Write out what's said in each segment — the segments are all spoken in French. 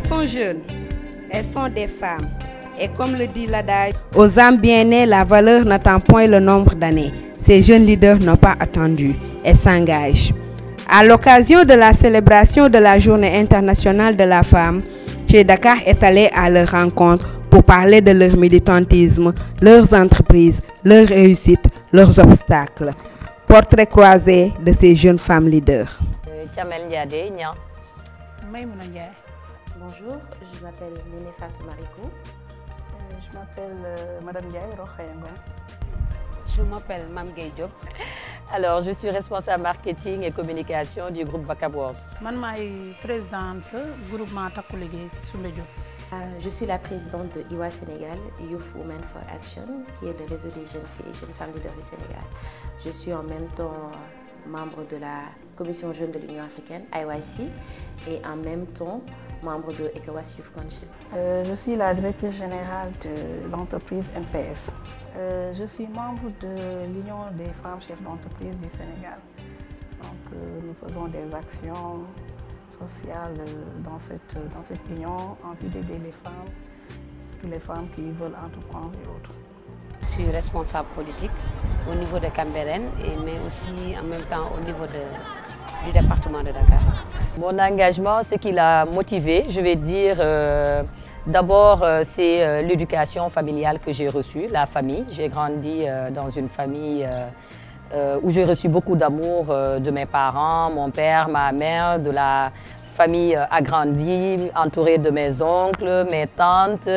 Elles sont jeunes, elles sont des femmes. Et comme le dit l'adage, aux âmes bien nées, la valeur n'attend point le nombre d'années. Ces jeunes leaders n'ont pas attendu. Elles s'engagent. À l'occasion de la célébration de la Journée internationale de la femme, Chez Dakar est allé à leur rencontre pour parler de leur militantisme, leurs entreprises, leurs réussites, leurs obstacles. Portrait croisé de ces jeunes femmes leaders. Euh, Bonjour, je m'appelle Néné Fatou euh, je m'appelle euh, Madame Gaye Je m'appelle Mam Diop. Alors, je suis responsable marketing et communication du groupe VacaBoard. Je suis présidente du euh, Je suis la présidente de IWA Sénégal, Youth Women for Action, qui est le réseau des jeunes filles et jeunes femmes leaders du Sénégal. Je suis en même temps membre de la commission jeune de l'Union africaine, IYC, et en même temps membre de ECOWAS euh, je suis la directrice générale de l'entreprise MPS. Euh, je suis membre de l'Union des femmes chefs d'entreprise du Sénégal. Donc, euh, nous faisons des actions sociales dans cette, dans cette union en vue d'aider les femmes, surtout les femmes qui veulent entreprendre et autres. Je suis responsable politique au niveau de Cambérène, mais aussi en même temps au niveau de du département de Dakar. Mon engagement, ce qui l'a motivé, je vais dire, euh, d'abord, euh, c'est euh, l'éducation familiale que j'ai reçue, la famille. J'ai grandi dans une famille où j'ai reçu beaucoup d'amour de mes parents, mon père, ma mère, de la famille agrandie, entourée de mes oncles, mes tantes,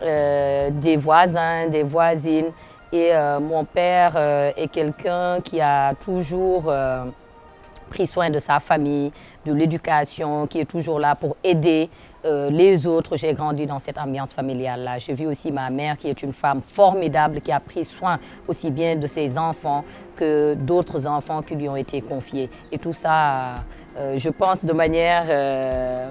des voisins, des voisines. Et mon père est quelqu'un qui a toujours pris soin de sa famille, de l'éducation, qui est toujours là pour aider euh, les autres. J'ai grandi dans cette ambiance familiale-là. Je vis aussi ma mère qui est une femme formidable, qui a pris soin aussi bien de ses enfants que d'autres enfants qui lui ont été confiés. Et tout ça, euh, je pense de manière... Euh,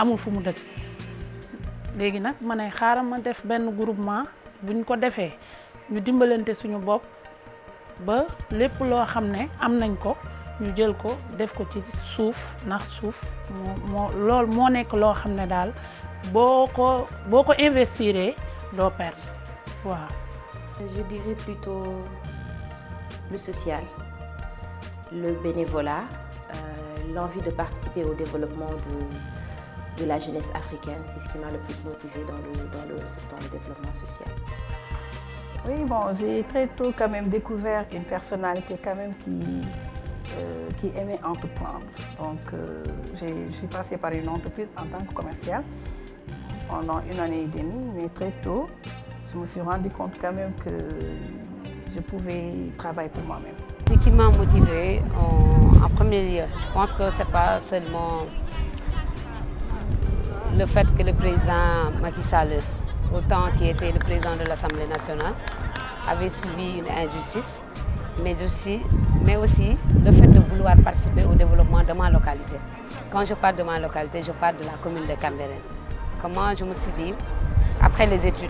amul fumu mu dëkk léegi nag ma ne ma def benn groupement buñ ko défé ñu dimbalenté suñu bop ba lépp lo xamné ne am nañ ko ñu jël ko def ko ci souf ndax souf mo lool mo nek lo xamné dal boko boko investiré do perdre wa je dirais plutôt le social le bénévolat euh, l'envie de participer au développement de de la jeunesse africaine. C'est ce qui m'a le plus motivé dans le, développement social. Oui, bon, j'ai très tôt quand même découvert une personnalité quand même qui, euh, qui aimait entreprendre. Donc, euh, j'ai passé par une entreprise en tant que commerciale pendant une année et demie, mais très tôt, je me suis rendu compte quand même que je pouvais travailler pour moi-même. Ce qui m'a motivée, en, premier lieu, je pense que ce n'est pas seulement le fait que le président Macky Sall, autant qu'il était le président de l'Assemblée nationale, avait subi une injustice, mais aussi, mais aussi le fait de vouloir participer au développement de ma localité. Quand je parle de ma localité, je parle de la commune de Camberen. Comment je me suis dit, après les études,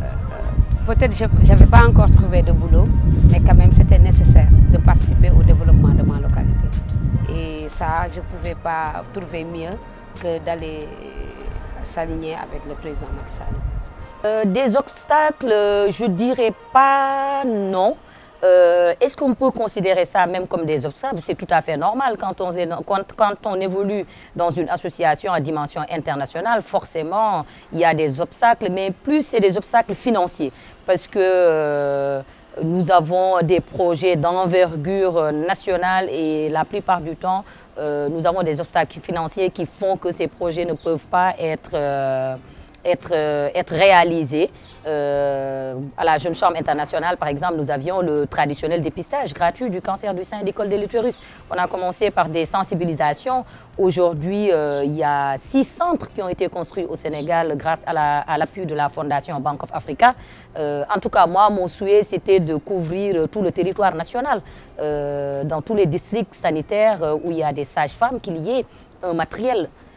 euh, euh, peut-être je n'avais pas encore trouvé de boulot, mais quand même c'était nécessaire de participer au développement de ma localité. Et ça, je ne pouvais pas trouver mieux d'aller s'aligner avec le président Macky euh, des obstacles, je dirais pas non. Euh, est-ce qu'on peut considérer ça même comme des obstacles C'est tout à fait normal. Quand on, évolue dans une association à dimension internationale, forcément, il y a des obstacles, mais plus c'est des obstacles financiers. Parce que euh, nous avons des projets d'envergure nationale et la plupart du temps, euh, nous avons des obstacles financiers qui font que ces projets ne peuvent pas être euh, être, euh, être réalisées. Euh, à la Jeune Chambre internationale, par exemple, nous avions le traditionnel dépistage gratuit du cancer du sein et des de l'utérus. On a commencé par des sensibilisations. Aujourd'hui, euh, il y a six centres qui ont été construits au Sénégal grâce à l'appui de la Fondation Bank of Africa. en tout cas, moi, mon souhait, c'était de couvrir tout le territoire national, dans tous les districts sanitaires où il y a des sages-femmes, qu'il y ait un matériel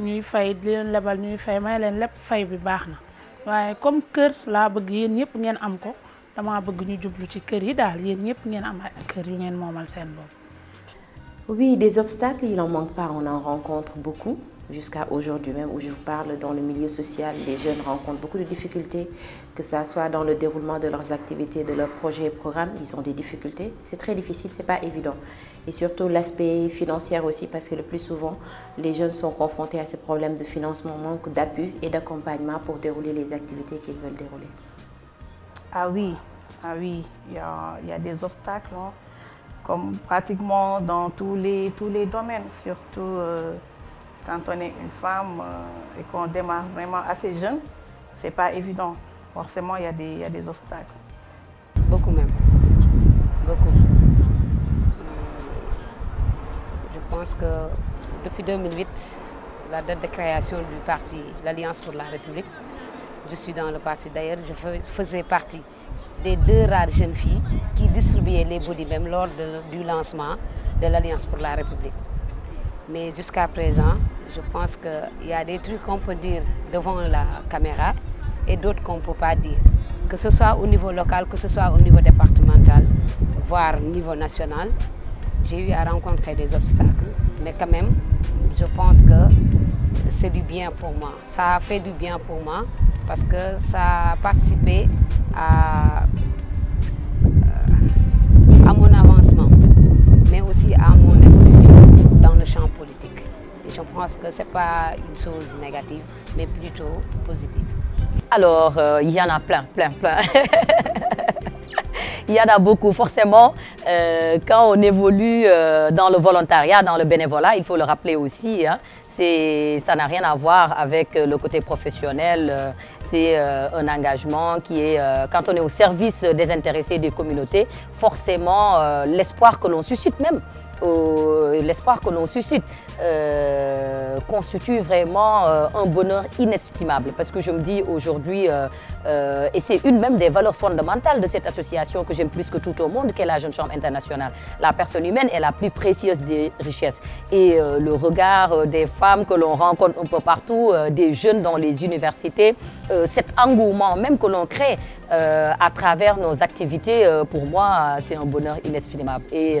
ñuy fay di leen lebal ñuy fay may leen lépp fay bi baax na waaye comme kër laa bëgg yéen ñëpp ngeen am ko dama bëgg ñu jublu ci kër yi daal yéen ñëpp ngeen am ay kër yu ngeen moomal seen bopp. Oui, des obstacles, il n'en manque pas, on en rencontre beaucoup. Jusqu'à aujourd'hui même où je vous parle, dans le milieu social, les jeunes rencontrent beaucoup de difficultés que ce soit dans le déroulement de leurs activités, de leurs projets et programmes, ils ont des difficultés. C'est très difficile, ce n'est pas évident. Et surtout l'aspect financier aussi, parce que le plus souvent, les jeunes sont confrontés à ces problèmes de financement, manque d'appui et d'accompagnement pour dérouler les activités qu'ils veulent dérouler. Ah oui, ah oui, il y a, des obstacles, hein, comme pratiquement dans tous les, tous les domaines, surtout euh, quand on est une femme euh, et qu'on démarre vraiment assez jeune, ce n'est pas évident forcément, il y, a des, obstacles. Beaucoup même. Beaucoup. Euh, je pense que depuis 2008, la date de création du parti, l'Alliance pour la République, je suis dans le parti. D'ailleurs, je faisais partie des deux rares jeunes filles qui distribuaient les body même lors du lancement de l'Alliance pour la République. Mais jusqu'à présent, je pense qu'il y a des trucs qu'on peut dire devant la caméra, et d'autres qu'on ne peut pas dire, que ce soit au niveau local, que ce soit au niveau départemental, voire au niveau national. J'ai eu à rencontrer des obstacles, mais quand même, je pense que c'est du bien pour moi. Ça a fait du bien pour moi parce que ça a participé à, euh, mon avancement, mais aussi à mon évolution dans le champ politique. Et je pense que ce n'est pas une chose négative, mais plutôt positive. Alors, euh, il y en a plein, plein, plein. il y en a beaucoup. Forcément, euh, quand on évolue euh, dans le volontariat, dans le bénévolat, il faut le rappeler aussi, hein, ça n'a rien à voir avec le côté professionnel. C'est un engagement qui est, quand on est au service des intéressés des communautés, forcément l'espoir que l'on suscite même l'espoir que l'on suscite euh, constitue vraiment euh, un bonheur inestimable. Parce que je me dis aujourd'hui, euh, et c'est une même des valeurs fondamentales de cette association que j'aime plus que tout au monde, qu'est la Jeune Chambre internationale. La personne humaine est la plus précieuse des richesses. Et le regard des femmes que l'on rencontre un peu partout, des jeunes dans les universités, cet engouement même que l'on crée à travers nos activités, pour moi, c'est un bonheur inestimable Et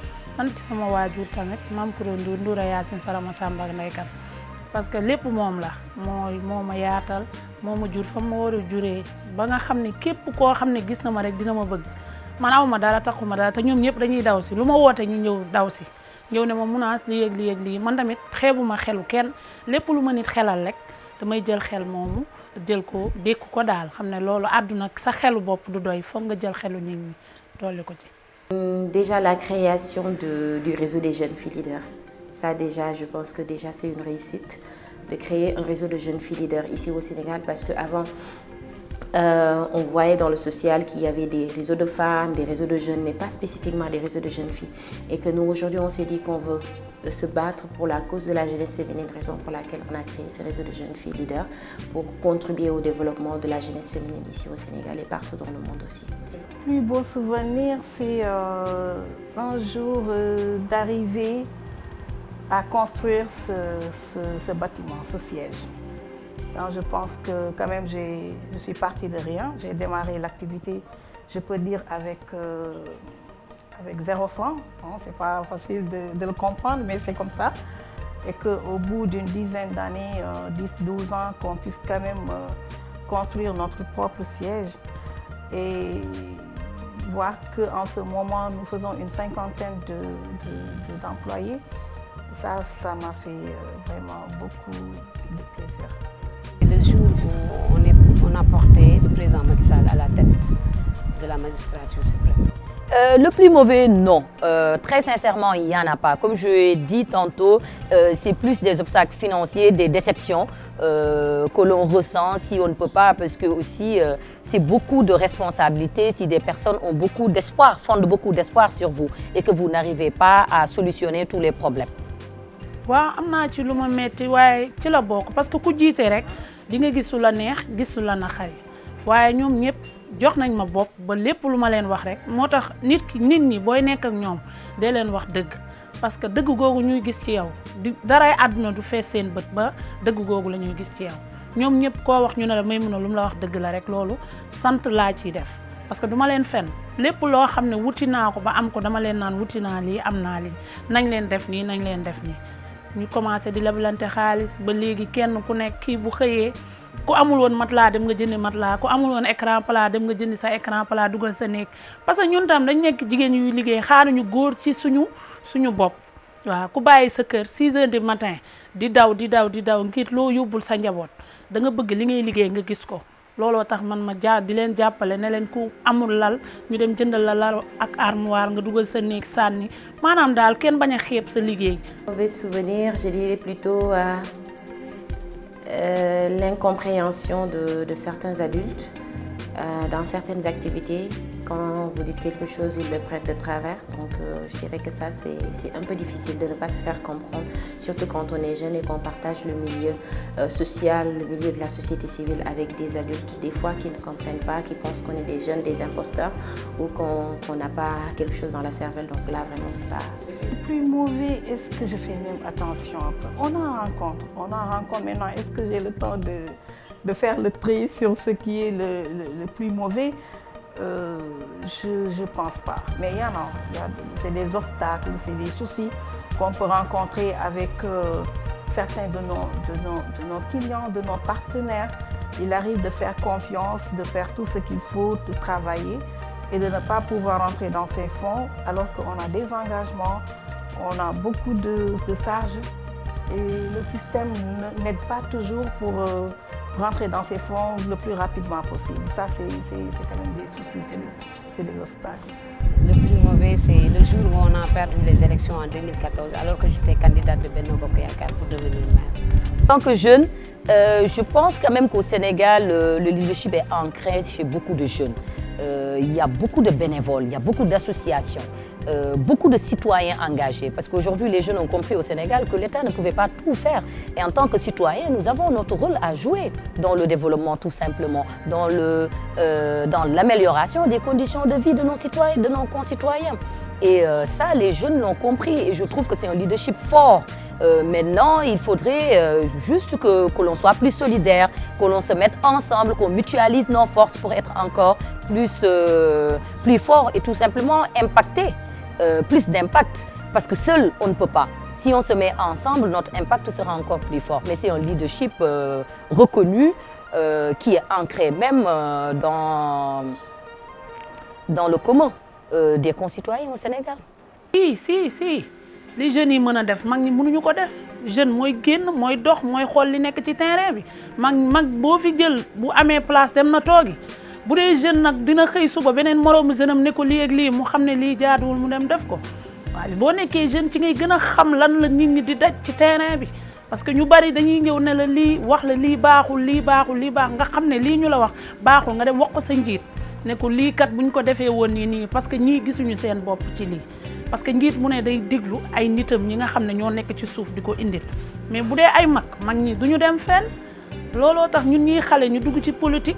sant sama waajur tamit maam Kourou Ndour Ndoura Yacine Fara Massamba ak Ndeye Kat parce que lépp moom la mooy moo ma yaatal moo ma jur fa ma war a juree ba nga xam ne képp koo xam ne gis na ma rek dina ma bëgg ma aw ma dara taxu ma dara te ñoom ñëpp dañuy daw si lu ma wootee ñu ñëw daw si ñëw ne ma munaas li yëg li lii man tamit xeebuma xelu kenn lépp lu ma nit xelal rek damay jël xel moomu jël ko dékku ko daal xam ne loolu àdduna sa xelu bopp du doy foog nga jël xelu nit ñi dolli ko ci Déjà la création du réseau des jeunes filles leaders. Ça déjà, je pense que déjà c'est une réussite de créer un réseau de jeunes filles leaders ici au Sénégal parce qu'avant, euh, on voyait dans le social qu'il y avait des réseaux de femmes, des réseaux de jeunes, mais pas spécifiquement des réseaux de jeunes filles. Et que nous, aujourd'hui, on s'est dit qu'on veut de se battre pour la cause de la jeunesse féminine, raison pour laquelle on a créé ce réseau de jeunes filles leaders pour contribuer au développement de la jeunesse féminine ici au Sénégal et partout dans le monde aussi. Le plus beau souvenir, c'est euh, un jour euh, d'arriver à construire ce, bâtiment, ce siège. je pense que quand même, je suis partie de rien. J'ai démarré l'activité, je peux dire, avec... Euh, avec zéro franc. ce hein, c'est pas facile de, le comprendre, mais c'est comme ça. Et qu'au bout d'une dizaine d'années, 10-12 euh, ans, qu'on puisse quand même euh, construire notre propre siège et voir qu'en ce moment, nous faisons une cinquantaine d'employés. ça, ça m'a fait euh, vraiment beaucoup de plaisir. Le jour où on, a porté le président Macky à la tête de la magistrature suprême. Euh, le plus mauvais, non. Euh, très sincèrement, il n'y en a pas. Comme je l'ai dit tantôt, euh, c'est plus des obstacles financiers, des déceptions que l'on ressent si on ne peut pas, parce que aussi, c'est beaucoup de responsabilités si des personnes ont beaucoup d'espoir, fondent beaucoup d'espoir sur vous et que vous n'arrivez pas à solutionner tous les problèmes. parce que jox nañ ma bopp ba lépp lu ma leen wax rek moo tax nit ki nit ñi booy nekk ak ñoom dee leen wax dëgg parce que dëgg googu ñuy gis ci yow di daray àdduna du fee seen bët ba dëgg googu la ñuy gis ci yow ñoom ñëpp koo wax ñu ne la may mun a lu mu la wax dëgg la rek loolu sant laa ciy def parce que duma leen fen lépp loo xam ne wuti naa ko ba am ko dama leen naan wuti naa lii am naa lii nañ leen def nii nañ leen def nii ñu commencé di leblante xaalis ba léegi kenn ku nekk kii bu xëyee ku amul won matla dem nga jëndi matla ku amul won écran plat dem nga jëndi sa écran plat dugal sa nek parce que ñun tam dañ nek jigéen yu liggéey xaaruñu goor ci suñu suñu bop wa ku bàyyi sa kër 6 h du matin di daw di daw di daw ngir lo yobul sa njabot da nga bëgg li ngay liggéey nga gis ko lolo tax man ma jaar di len jappalé ne len ku amul lal ñu dem jëndal la lal ak armoire nga dugal sa nek sanni manam dal ken baña xépp sa liggéey mauvais souvenir je dirais plutôt euh, Euh, l'incompréhension de, certains adultes euh, dans certaines activités vous dites quelque chose, ils le prennent de travers. Donc euh, je dirais que ça, c'est un peu difficile de ne pas se faire comprendre, surtout quand on est jeune et qu'on partage le milieu euh, social, le milieu de la société civile avec des adultes, des fois qui ne comprennent pas, qui pensent qu'on est des jeunes, des imposteurs ou qu'on n'a pas quelque chose dans la cervelle. Donc là, vraiment, c'est pas... Le plus mauvais, est-ce que je fais même attention On en rencontre, on en rencontre maintenant. Est-ce que j'ai le temps de faire le tri sur ce qui est le, plus mauvais. Euh, je ne pense pas. Mais il y en a. c'est des obstacles, c'est des soucis qu'on peut rencontrer avec euh, certains de nos, de, nos, clients, de nos partenaires. Il arrive de faire confiance, de faire tout ce qu'il faut, de travailler et de ne pas pouvoir rentrer dans ces fonds alors qu'on a des engagements, on a beaucoup de, de charges et le système n'aide pas toujours pour euh, rentrer dans ces fonds le plus rapidement possible. Ça, c'est quand même des soucis c'est Le plus mauvais, c'est le jour où on a perdu les élections en 2014, alors que j'étais candidate de Beno Bokoyakar pour devenir maire. En tant que jeune, euh, je pense quand même qu'au Sénégal, euh, le leadership est ancré chez beaucoup de jeunes. Euh, il y a beaucoup de bénévoles, il y a beaucoup d'associations. Euh, beaucoup de citoyens engagés. Parce qu'aujourd'hui, les jeunes ont compris au Sénégal que l'État ne pouvait pas tout faire. Et en tant que citoyens, nous avons notre rôle à jouer dans le développement, tout simplement, euh, dans l'amélioration des conditions de vie de nos citoyens, de nos concitoyens. Et euh, ça, les jeunes l'ont compris. Et je trouve que c'est un leadership fort. maintenant, il faudrait juste que, que l'on soit plus solidaire, que l'on se mette ensemble, qu'on mutualise nos forces pour être encore plus, plus fort et tout simplement impacté euh, plus d'impact. Parce que seul, on ne peut pas. Si on se met ensemble, notre impact sera encore plus fort. Mais c'est un leadership euh, reconnu euh, qui est ancré même dans, dans le commun des concitoyens au Sénégal. Si, si, si. Les jeunes, ils peuvent faire, les jeunes, ils ne peuvent pas jeune mooy génn mooy dox mooy xool li nekk ci terrain bi mag mag boo fi ils bu amee place dem na bu dee jeune nag dina xëy suba beneen moroomu jeune am ne ko lii ak lii mu xam ne lii jaaduwul mu dem def ko waaye boo nekkee jeune ci ngay gën a xam lan la nit ñi di daj ci terrain bi parce que ñu bari dañuy ñëw ne la lii wax la lii baaxul lii baaxul lii baax nga xam ne lii ñu la wax baaxul nga dem wax ko sa njiit ne ko lii kat buñ ko defee woon nii nii parce que ñii gisuñu seen bopp ci lii parce que njiit mu ne day déglu ay nitam ñi nga xam ne ñoo nekk ci suuf di ko indil mais bu dee ay mag mag ñi duñu dem fenn looloo tax ñun ñuy xale ñu dugg ci politique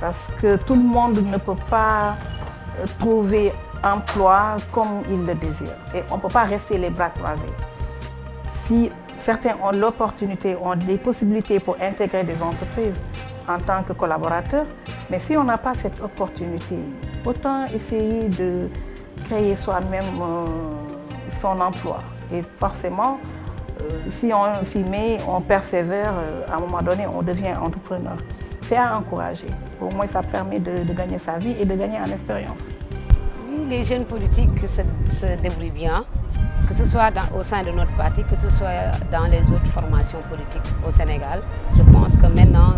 parce que tout le monde ne peut pas euh, trouver emploi comme il le désire. Et on ne peut pas rester les bras croisés. Si certains ont l'opportunité, ont les possibilités pour intégrer des entreprises en tant que collaborateurs. mais si on n'a pas cette opportunité, autant essayer de créer soi-même euh, son emploi. Et forcément, euh, si on s'y met, on persévère, à un moment donné, on devient entrepreneur. C'est à encourager. Pour moi, ça permet de, gagner sa vie et de gagner en expérience. Oui, les jeunes politiques se, débrouillent bien, que ce soit au sein de notre parti, que ce soit dans les autres formations politiques au Sénégal. Je pense que maintenant,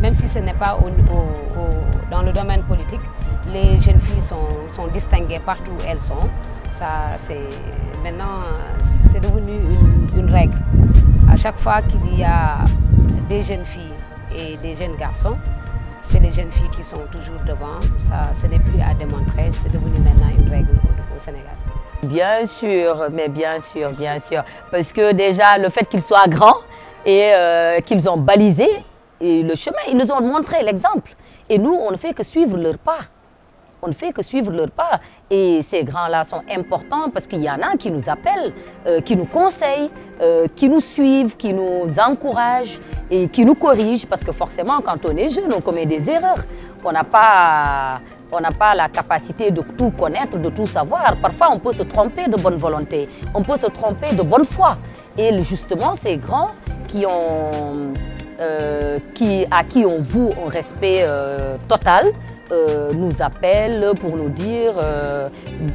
même si ce n'est pas dans le domaine politique, les jeunes filles sont, distinguées partout où elles sont. maintenant, c'est devenu une règle. À chaque fois qu'il y a des jeunes filles et des jeunes garçons, c'est les jeunes filles qui sont toujours devant. Ça, ce n'est plus à démontrer, c'est devenu maintenant une règle au, Sénégal. Bien sûr, mais bien sûr, bien sûr. Parce que déjà, le fait qu'ils soient grands et euh, qu'ils ont balisé le chemin, ils nous ont montré l'exemple. Et nous, on ne fait que suivre leur pas on ne fait que suivre leur pas. Et ces grands-là sont importants parce qu'il y en a qui nous appellent, euh, qui nous conseillent, euh, qui nous suivent, qui nous encouragent et qui nous corrigent. Parce que forcément, quand on est jeune, on commet des erreurs. On n'a pas on n'a pas la capacité de tout connaître, de tout savoir. Parfois, on peut se tromper de bonne volonté, on peut se tromper de bonne foi. Et justement, ces grands qui ont, euh, qui, à qui on voue un respect total, euh, nous appellent pour nous dire euh,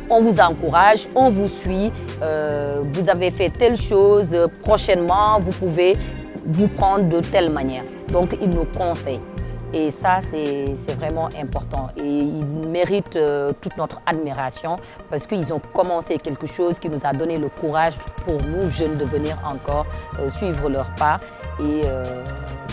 on vous encourage, on vous suit, euh, vous avez fait telle chose, prochainement vous pouvez vous prendre de telle manière. Donc ils nous conseillent. Et ça, c'est vraiment important. Et ils méritent toute notre admiration parce qu'ils ont commencé quelque chose qui nous a donné le courage pour nous, jeunes, de venir encore suivre leur pas et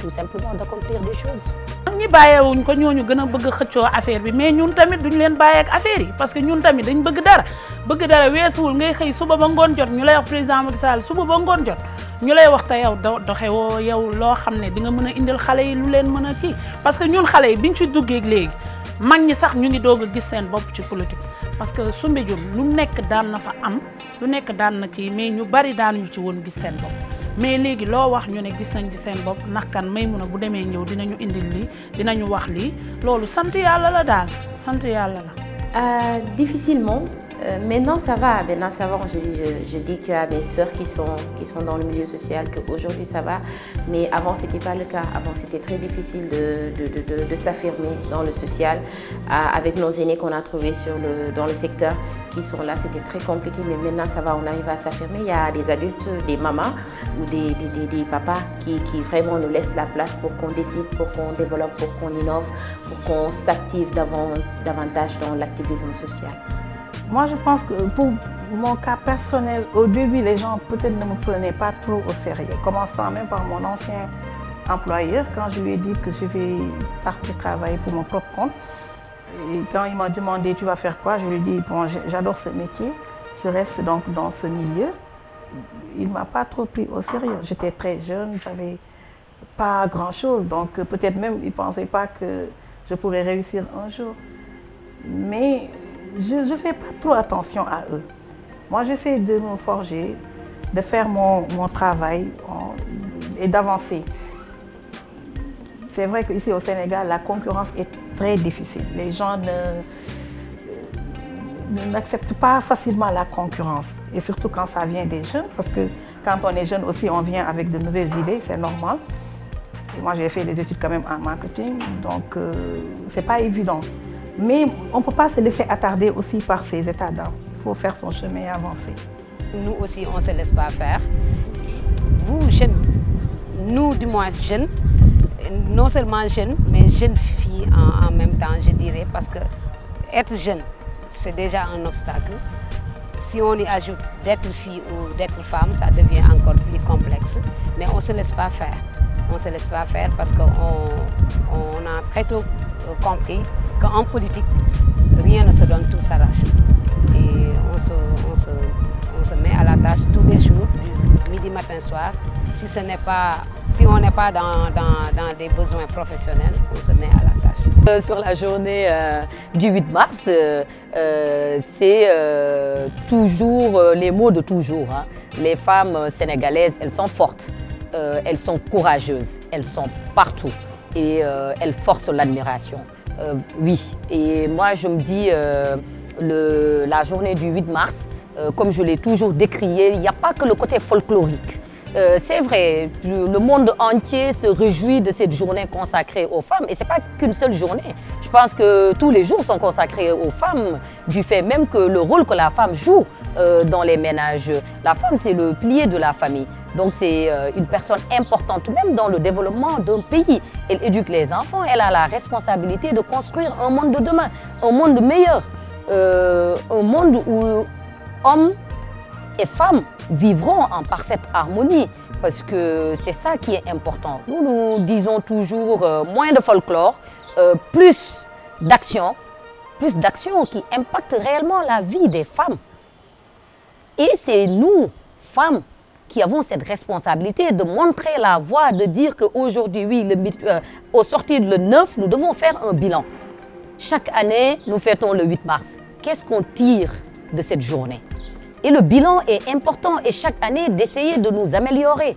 tout simplement d'accomplir des choses. mag ñi bàyyeewuñ ko ñu gën a bëgg xëccoo affaire bi mais ñun tamit duñ leen bàyyee ak yi parce que ñun tamit dañ bëgg dara bëgg dara weesuwul ngay xëy suba ba ngoon jot ñu lay wax président Macky Sall suba ba ngoon jot ñu lay wax te yow doxe woo yow loo xam ne di nga mën a indil xale yi lu leen mën a kii parce que ñun xale yi bi biñ ci duggee léegi mag ñi sax ñu ngi doog a gis seen bopp ci politique parce que Soumbédioune lu nekk daan na fa am lu nekk daan na kii mais ñu bari daan ñu ci woon gis seen bopp mais léegi loo wax ñu ne gis nañ ci seen bopp nakkan may mun a bu demee ñëw dinañu indil lii dinañu wax lii loolu sant yàlla la daal sant yàlla la. Euh, difficilement. Euh, maintenant, ça va. Maintenant, ça va. Je, dis je dis à mes sœurs qui sont, dans le milieu social qu'aujourd'hui, ça va. Mais avant, ce n'était pas le cas. Avant, c'était très difficile de, s'affirmer dans le social. avec nos aînés qu'on a trouvés dans le secteur qui sont là, c'était très compliqué. Mais maintenant, ça va, on arrive à s'affirmer. Il y a des adultes, des mamans ou des, papas qui, qui, vraiment nous laissent la place pour qu'on décide, pour qu'on développe, pour qu'on innove, pour qu'on s'active davantage dans l'activisme social. Moi, je pense que pour mon cas personnel, au début, les gens peut-être ne me prenaient pas trop au sérieux. Commençant même par mon ancien employeur, quand je lui ai dit que je vais partir travailler pour mon propre compte. Et quand il m'a demandé tu vas faire quoi, je lui ai dit bon, j'adore ce métier, je reste donc dans ce milieu. Il ne m'a pas trop pris au sérieux. J'étais très jeune, j'avais pas grand-chose, donc peut-être même il ne pensait pas que je pourrais réussir un jour. Mais je ne fais pas trop attention à eux. Moi, j'essaie de me forger, de faire mon, travail et d'avancer. C'est vrai qu'ici au Sénégal, la concurrence est très difficile. Les gens n'acceptent pas facilement la concurrence. Et surtout quand ça vient des jeunes, parce que quand on est jeune aussi, on vient avec de nouvelles idées, c'est normal. moi, j'ai fait des études quand même en marketing, donc euh, c'est pas évident. Mais on ne peut pas se laisser attarder aussi par ces états d'âme. Il faut faire son chemin et avancer. Nous aussi, on ne se laisse pas faire. Vous, jeunes, nous du moins jeunes, non seulement jeunes, mais jeunes filles en, même temps, je dirais, parce que être jeune, c'est déjà un obstacle. Si on y ajoute d'être fille ou d'être femme, ça devient encore plus complexe. Mais on ne se laisse pas faire. On ne se laisse pas faire parce qu'on a très tôt compris qu'en politique, rien ne se donne, tout s'arrache. Et on se, met à la tâche tous les jours, du midi, matin, soir. Si, on n'est pas dans, des besoins professionnels, on se met à la tâche. Euh, sur la journée euh, du 8 mars, euh, c'est toujours les mots de toujours. Hein. Les femmes sénégalaises, elles sont fortes, elles sont courageuses, elles sont partout et elles forcent l'admiration. Euh, oui. Et moi, je me dis, euh, la journée du 8 mars, euh, comme je l'ai toujours décrié, il n'y a pas que le côté folklorique. c'est vrai, le monde entier se réjouit de cette journée consacrée aux femmes. Et ce n'est pas qu'une seule journée. Je pense que tous les jours sont consacrés aux femmes, du fait même que le rôle que la femme joue euh, dans les ménages. La femme, c'est le pilier de la famille. Donc c'est euh, une personne importante, même dans le développement d'un pays. Elle éduque les enfants, elle a la responsabilité de construire un monde de demain, un monde meilleur, euh, un monde où hommes et femmes vivront en parfaite harmonie. Parce que c'est ça qui est important. Nous, nous disons toujours moins de folklore, plus d'action, plus d'action qui impacte réellement la vie des femmes. Et c'est nous, femmes, qui avons cette responsabilité de montrer la voie, de dire qu'aujourd'hui, oui, euh, au sortir le 9, nous devons faire un bilan. Chaque année, nous fêtons le 8 mars. Qu'est-ce qu'on tire de cette journée et le bilan est important et chaque année d'essayer de nous améliorer.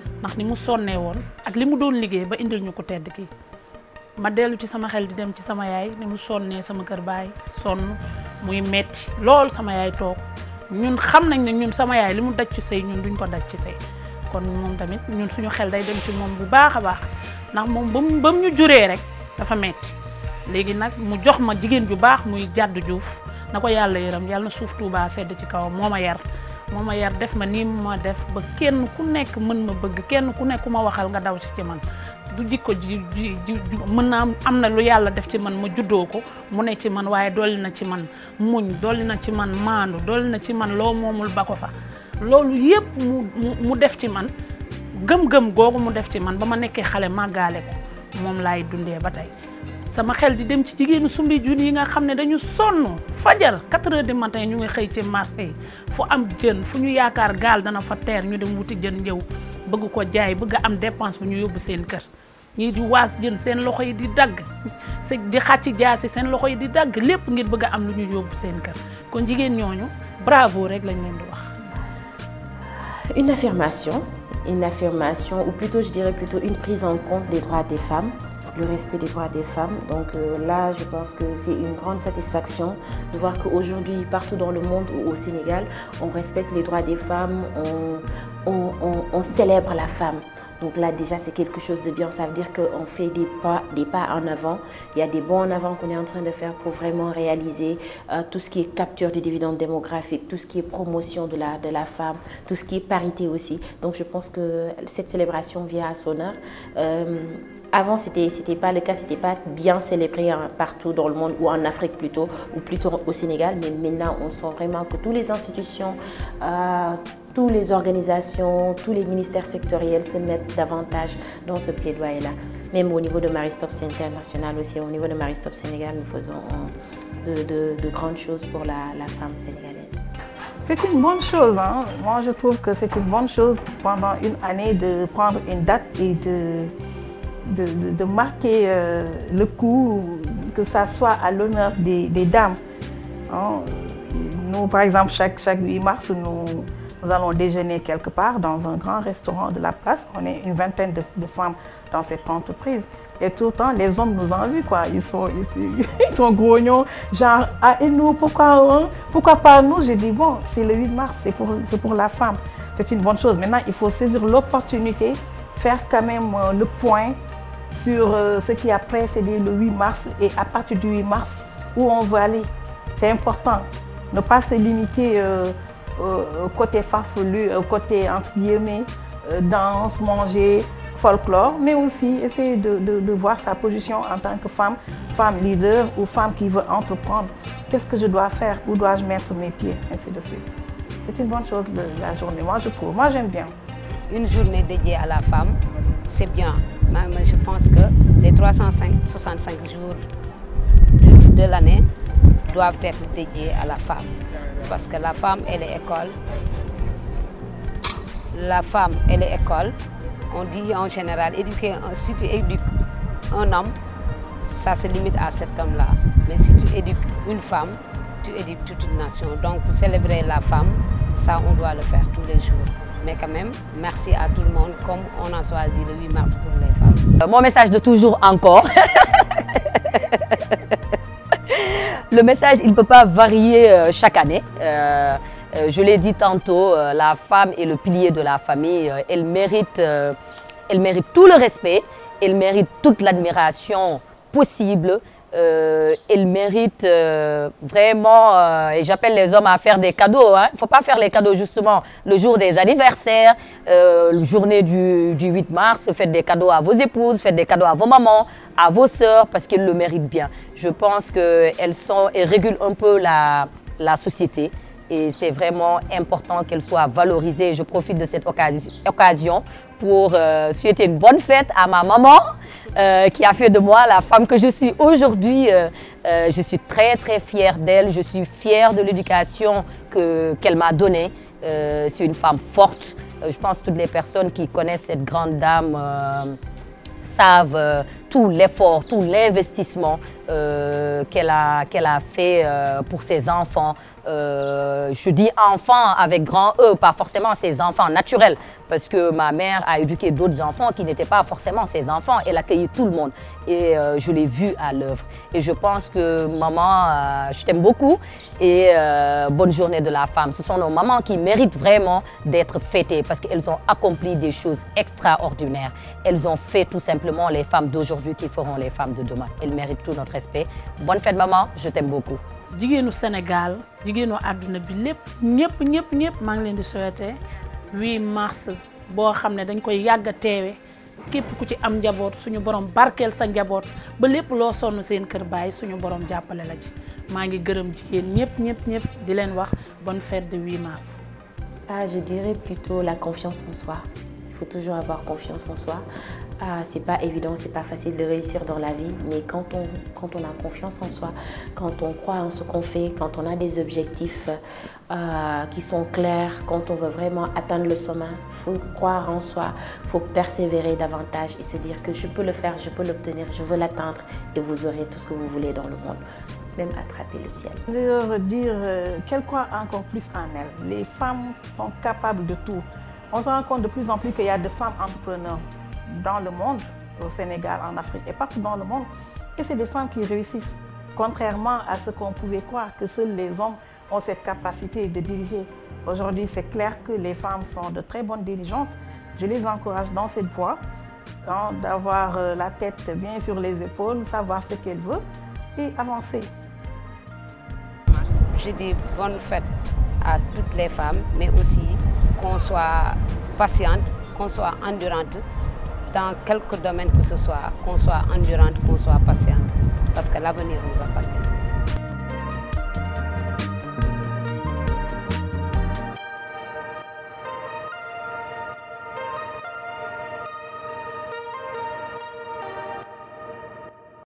ndax ni mu sonnee woon ak li mu doon liggéey ba indil ñu ko tedd kii ma dellu ci sama xel di dem ci sama yaay ni mu sonnee sama kër baay sonn muy metti lool sama yaay toog ñun xam nañ ne ñun sama yaay li mu daj ci sëy ñun duñ ko daj ci sëy kon moom tamit ñun suñu xel day dem ci moom bu baax a baax ndax moom bam bam ñu juree rek dafa metti léegi nag mu jox ma jigéen ju baax muy jàdd juuf na ko yàlla yaram yàlla na suuf tuubaa sedd ci kawam moo ma yar moo ma yar def ma nii ma def ba kenn ku nekk mën ma bëgg kenn ku nekk ku ma waxal nga daw ci ci man du jikko ji ji ji mën naa am na lu yàlla def ci man ma juddoo ko mu ne ci man waaye dolli na ci man muñ dolli na ci man maandu dolli na ci man loo moomul ba ko fa loolu yëpp mu def ci man gëm-gëm googu mu def ci man ba ma nekkee xale màggaale ko moom laay dundee ba tey sama xel di dem ci jigéenu sumbi jun yi nga xam ne dañu sonn fajar 4 heures du matin ñu ngi xëy ci marché fu am jën fu ñu yaakaar gaal dana fa teer ñu dem wuti jën ñëw bëgg ko jaay bëgg am dépense bu ñu yóbbu seen kër ñii di waas jën seen loxo yi di dagg di xàcc jaasi seen loxo yi di dagg lépp ngir bëgg am lu ñu yóbbu seen kër kon jigéen ñooñu bravo rek lañ leen di wax. une affirmation une affirmation ou plutôt je dirais plutôt une prise en compte des droits des femmes le respect des droits des femmes. Donc euh, là, je pense que c'est une grande satisfaction de voir qu'aujourd'hui, partout dans le monde ou au Sénégal, on respecte les droits des femmes, on, célèbre la femme. Donc là, déjà, c'est quelque chose de bien. Ça veut dire qu'on fait des pas, des pas en avant. Il y a des bons en avant qu'on est en train de faire pour vraiment réaliser euh, tout ce qui est capture des dividendes démographiques, tout ce qui est promotion de la, de la femme, tout ce qui est parité aussi. Donc je pense que cette célébration vient à son heure. Euh, avant, c'était c'était pas le cas, c'était pas bien célébré hein, partout dans le monde ou en Afrique plutôt ou plutôt au Sénégal. Mais maintenant, on sent vraiment que toutes les institutions euh, toutes les organisations, tous les ministères sectoriels se mettent davantage dans ce plaidoyer-là. Même au niveau de Maristop International aussi, au niveau de Maristop Sénégal, nous faisons de, grandes choses pour la, femme sénégalaise. C'est une bonne chose. Hein. Moi, je trouve que c'est une bonne chose pendant une année de prendre une date et de, de, marquer euh, le coup, que ça soit à l'honneur des, dames. Hein, nous, par exemple, chaque, 8 mars, nous, allons déjeuner quelque part dans un grand restaurant de la place. On est une vingtaine de, femmes dans cette entreprise. Et tout le temps, les hommes nous ont quoi. Ils sont, ils, sont grognons, genre, ah, et nous, pourquoi, hein? pourquoi pas nous J'ai dit, bon, c'est le 8 mars, c'est pour, pour la femme. C'est une bonne chose. Maintenant, il faut saisir l'opportunité, faire quand même euh, le point sur euh, ce qui après, cest le 8 mars et à partir du 8 mars, où on veut aller. C'est important. Ne pas se limiter au euh, euh, côté farfelu, au côté entre guillemets, danse, manger, folklore, mais aussi essayer de, voir sa position en tant que femme, femme leader ou femme qui veut entreprendre. Qu'est-ce que je dois faire Où dois-je mettre mes pieds Ainsi de suite. C'est une bonne chose la journée, moi je trouve. Moi j'aime bien une journée dédiée à la femme, c'est bien. Mais je pense que les 365 jours de l'année doivent être dédiés à la femme. Parce que la femme, elle est école. La femme, elle est école. On dit en général, éduquer, si tu éduques un homme, ça se limite à cet homme-là. Mais si tu éduques une femme, tu éduques toute une nation. Donc, pour célébrer la femme, ça, on doit le faire tous les jours. Mais quand même, merci à tout le monde, comme on a choisi le 8 mars pour les femmes. Euh, mon message de toujours encore. le message, il ne peut pas varier euh, chaque année. Euh, je l'ai dit tantôt, la femme est le pilier de la famille. Elle mérite, elle mérite tout le respect, elle mérite toute l'admiration possible euh, méritent euh, vraiment, euh, et j'appelle les hommes à faire des cadeaux. Hein. Il ne faut pas faire les cadeaux justement le jour des anniversaires, euh, journée du, 8 mars, faites des cadeaux à vos épouses, faites des cadeaux à vos mamans, à vos sœurs, parce qu'elles le méritent bien. Je pense qu'elles sont et régulent un peu la, la société. Et c'est vraiment important qu'elles soient valorisées. Je profite de cette occasion pour euh, souhaiter une bonne fête à ma maman euh, qui a fait de moi la femme que je suis aujourd'hui. Euh, euh, je suis très très fière d'elle, je suis fière de l'éducation qu'elle m'a donnée. C'est une femme forte. je pense que toutes les personnes qui connaissent cette grande dame savent tout l'effort, tout l'investissement euh, qu'elle a, qu'elle a fait euh, pour ses enfants. Euh, je dis enfants avec grand E, pas forcément ses enfants naturels, parce que ma mère a éduqué d'autres enfants qui n'étaient pas forcément ses enfants. Elle accueilli tout le monde et je l'ai vu à l'œuvre. Et je pense que maman, je t'aime beaucoup et bonne journée de la femme. Ce sont nos mamans qui méritent vraiment d'être fêtées parce qu'elles ont accompli des choses extraordinaires. Elles ont fait tout simplement les femmes d'aujourd'hui qui feront les femmes de demain. Elles méritent tout notre respect bonne fête maman je t'aime beaucoup. jigéenu Sénégal jigéenu àdduna bi lépp ñëpp ñëpp ñëpp maa ngi leen di souhaiter 8 mars boo xam ne dañ koy yàgg a teewe képp ku ci am njaboot suñu borom barkeel sa njaboot ba lépp loo sonn seen kër bàyyi suñu borom jàppale la ci maa ngi gërëm jigéen ñëpp ñëpp ñëpp di leen wax bonne fête de 8 mars. ah je dirais plutôt la confiance en soi il faut toujours avoir confiance en soi ah, c'est pas évident, c'est pas facile de réussir dans la vie, mais quand on, quand on a confiance en soi, quand on croit en ce qu'on fait, quand on a des objectifs euh, qui sont clairs, quand on veut vraiment atteindre le sommet, faut croire en soi, faut persévérer davantage et se dire que je peux le faire, je peux l'obtenir, je veux l'atteindre et vous aurez tout ce que vous voulez dans le monde même attraper le ciel. Je veux dire qu'elle euh, qu'elles encore plus en elles. Les femmes sont capables de tout. On se rend compte de plus en plus qu'il y a des femmes entrepreneurs dans le monde, au Sénégal, en Afrique et partout dans le monde, et c'est des femmes qui réussissent. Contrairement à ce qu'on pouvait croire, que seuls les hommes ont cette capacité de diriger. Aujourd'hui, c'est clair que les femmes sont de très bonnes dirigeantes. Je les encourage dans cette voie, hein, d'avoir euh, la tête bien sur les épaules, savoir ce qu'elles veulent et avancer. J'ai des bonnes fêtes à toutes les femmes, mais aussi qu'on soit patiente, qu'on soit endurante, dans quelque domaine que ce soit, qu'on soit endurante, qu'on soit patiente, parce que l'avenir nous appartient.